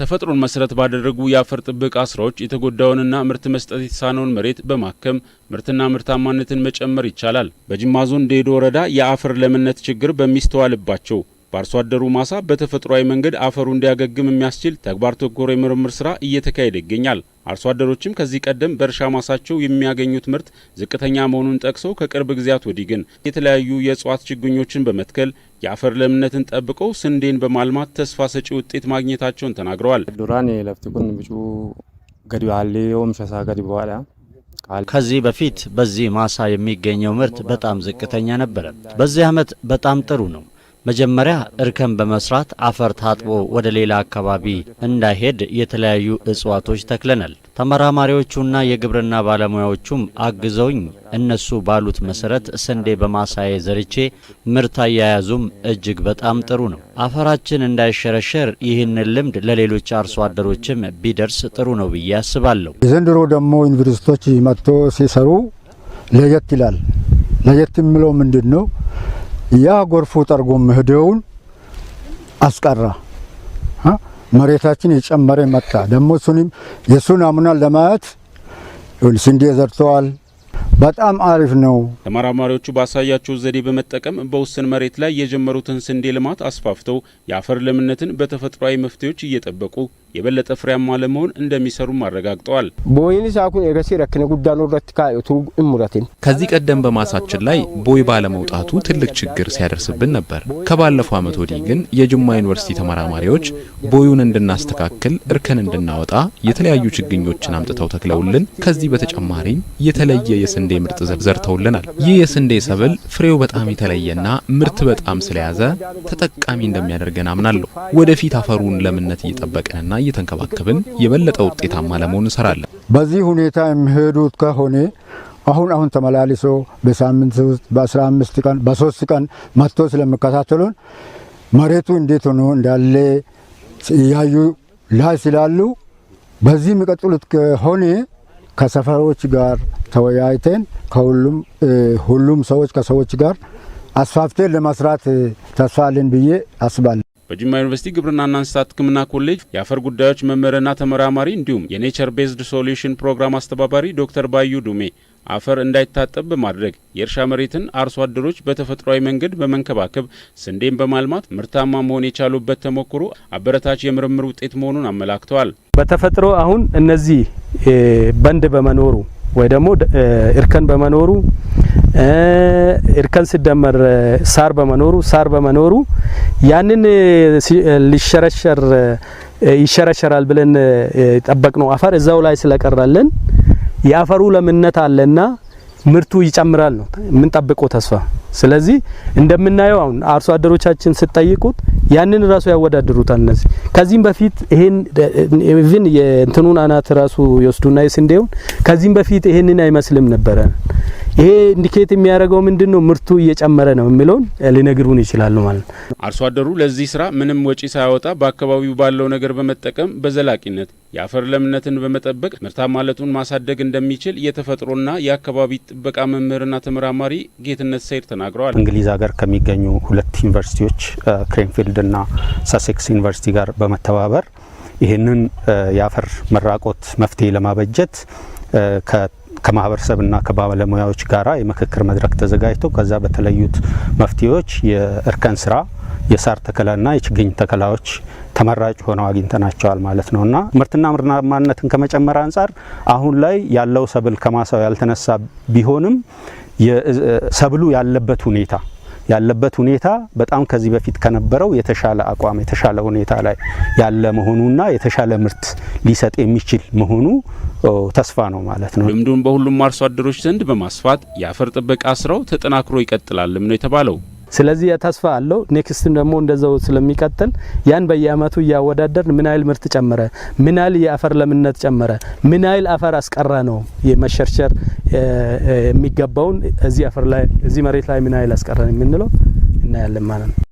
ተፈጥሮን መሰረት ባደረጉ የአፈር ጥበቃ ስራዎች የተጎዳውንና ምርት መስጠት የተሳነውን መሬት በማከም ምርትና ምርታማነትን መጨመር ይቻላል። በጅማ ዞን ዴዶ ወረዳ የአፈር ለምነት ችግር በሚስተዋልባቸው በአርሶ አደሩ ማሳ በተፈጥሯዊ መንገድ አፈሩ እንዲያገግም የሚያስችል ተግባር ተኮር የምርምር ስራ እየተካሄደ ይገኛል። አርሶ አደሮችም ከዚህ ቀደም በእርሻ ማሳቸው የሚያገኙት ምርት ዝቅተኛ መሆኑን ጠቅሰው ከቅርብ ጊዜያት ወዲህ ግን የተለያዩ የእጽዋት ችግኞችን በመትከል የአፈር ለምነትን ጠብቀው ስንዴን በማልማት ተስፋ ሰጪ ውጤት ማግኘታቸውን ተናግረዋል። ዱራን ለፍትቁን ብጩ ገዲ አሌ ሸሳ ገዲ በኋላ ከዚህ በፊት በዚህ ማሳ የሚገኘው ምርት በጣም ዝቅተኛ ነበረ። በዚህ ዓመት በጣም ጥሩ ነው። መጀመሪያ እርከን በመስራት አፈር ታጥቦ ወደ ሌላ አካባቢ እንዳይሄድ የተለያዩ እጽዋቶች ተክለናል። ተመራማሪዎቹና የግብርና ባለሙያዎቹም አግዘውኝ እነሱ ባሉት መሰረት ስንዴ በማሳዬ ዘርቼ ምርት አያያዙም እጅግ በጣም ጥሩ ነው። አፈራችን እንዳይሸረሸር ይህንን ልምድ ለሌሎች አርሶ አደሮችም ቢደርስ ጥሩ ነው ብዬ አስባለሁ። የዘንድሮ ደግሞ ዩኒቨርሲቲዎች መጥቶ ሲሰሩ ለየት ይላል። ለየት የሚለው ምንድን ነው? ያ ጎርፉ ጠርጎ ምህደውን አስቀራ። መሬታችን የጨመረ መጣ። ደግሞ እሱንም የእሱን አምና ለማየት ስንዴ ዘርተዋል። በጣም አሪፍ ነው። ተመራማሪዎቹ ባሳያቸው ዘዴ በመጠቀም በውስን መሬት ላይ የጀመሩትን ስንዴ ልማት አስፋፍተው የአፈር ለምነትን በተፈጥሯዊ መፍትሄዎች እየጠበቁ የበለጠ ፍሬያማ ለመሆን እንደሚሰሩም አረጋግጠዋል። ቦይን ሳኩን ረክነ ረት ካቱ እሙረትን ከዚህ ቀደም በማሳችን ላይ ቦይ ባለመውጣቱ ትልቅ ችግር ሲያደርስብን ነበር። ከባለፈው ዓመት ወዲህ ግን የጅማ ዩኒቨርሲቲ ተመራማሪዎች ቦዩን እንድናስተካክል፣ እርከን እንድናወጣ የተለያዩ ችግኞችን አምጥተው ተክለውልን ከዚህ በተጨማሪም የተለየ የስንዴ ምርጥ ዘርተውልናል። ይህ የስንዴ ሰብል ፍሬው በጣም የተለየና ምርት በጣም ስለያዘ ተጠቃሚ እንደሚያደርገን አምናለሁ። ወደፊት አፈሩን ለምነት እየጠበቅንና እየተንከባከብን የበለጠ ውጤታማ ለመሆን እንሰራለን። በዚህ ሁኔታ የሚሄዱት ከሆነ አሁን አሁን ተመላልሶ በሳምንት ውስጥ በአስራ አምስት ቀን በሶስት ቀን መጥቶ ስለሚከታተሉን መሬቱ እንዴት ሆኖ እንዳለ ያዩ ላይ ስላሉ በዚህ የሚቀጥሉት ከሆነ ከሰፈሮች ጋር ተወያይተን ከሁሉም ሁሉም ሰዎች ከሰዎች ጋር አስፋፍቴን ለመስራት ተስፋልን ብዬ አስባለሁ። በጅማ ዩኒቨርሲቲ ግብርናና እንስሳት ሕክምና ኮሌጅ የአፈር ጉዳዮች መምህርና ተመራማሪ እንዲሁም የኔቸር ቤዝድ ሶሉሽን ፕሮግራም አስተባባሪ ዶክተር ባዩ ዱሜ አፈር እንዳይታጠብ በማድረግ የእርሻ መሬትን አርሶ አደሮች በተፈጥሯዊ መንገድ በመንከባከብ ስንዴን በማልማት ምርታማ መሆን የቻሉበት ተሞክሮ አበረታች የምርምር ውጤት መሆኑን አመላክተዋል። በተፈጥሮ አሁን እነዚህ በንድ በመኖሩ ወይ ደግሞ እርከን በመኖሩ እርከን ሲደመር ሳር በመኖሩ ሳር በመኖሩ ያንን ሊሸረሸር ይሸረሸራል ብለን የጠበቅነው አፈር እዛው ላይ ስለቀራለን የአፈሩ ለምነት አለና ምርቱ ይጨምራል ነው የምንጠብቀው ተስፋ ስለዚህ እንደምናየው አሁን አርሶ አደሮቻችን ስጠይቁት ያንን ራሱ ያወዳድሩታል። እነዚህ ከዚህም በፊት ይሄን ኢቭን የእንትኑን አናት ራሱ ይወስዱና የስንዴውን ከዚህም በፊት ይሄንን አይመስልም ነበረ ይሄ ኢንዲኬት የሚያደርገው ምንድን ነው? ምርቱ እየጨመረ ነው የሚለውን ሊነግሩን ይችላሉ ማለት ነው። አርሶ አደሩ ለዚህ ስራ ምንም ወጪ ሳያወጣ በአካባቢው ባለው ነገር በመጠቀም በዘላቂነት የአፈር ለምነትን በመጠበቅ ምርታማነቱን ማሳደግ እንደሚችል የተፈጥሮና የአካባቢ ጥበቃ መምህርና ተመራማሪ ጌትነት ሰይድ ተናግረዋል። እንግሊዝ ሀገር ከሚገኙ ሁለት ዩኒቨርሲቲዎች ክሬንፊልድና ሳሴክስ ዩኒቨርሲቲ ጋር በመተባበር ይህንን የአፈር መራቆት መፍትሄ ለማበጀት ከማህበረሰብና ከባለሙያዎች ጋራ የምክክር መድረክ ተዘጋጅቶ ከዛ በተለዩት መፍትሄዎች የእርከን ስራ የሳር ተከላና የችግኝ ተከላዎች ተመራጭ ሆነው አግኝተናቸዋል ማለት ነው እና ምርትና ምርታማነትን ከመጨመር አንጻር አሁን ላይ ያለው ሰብል ከማሳው ያልተነሳ ቢሆንም ሰብሉ ያለበት ሁኔታ ያለበት ሁኔታ በጣም ከዚህ በፊት ከነበረው የተሻለ አቋም የተሻለ ሁኔታ ላይ ያለ መሆኑና የተሻለ ምርት ሊሰጥ የሚችል መሆኑ ተስፋ ነው ማለት ነው። ልምዱን በሁሉም አርሶ አደሮች ዘንድ በማስፋት የአፈር ጥበቃ ስራው ተጠናክሮ ይቀጥላልም ነው የተባለው። ስለዚህ ተስፋ አለው። ኔክስትም ደግሞ እንደዛው ስለሚቀጥል ያን በየአመቱ እያወዳደር ምን ያህል ምርት ጨመረ፣ ምን ያህል የአፈር ለምነት ጨመረ፣ ምን ያህል አፈር አስቀራ ነው የመሸርሸር የሚገባውን እዚህ አፈር ላይ እዚህ መሬት ላይ ምን ያህል አስቀራን የምንለው እናያለን ማለት ነው።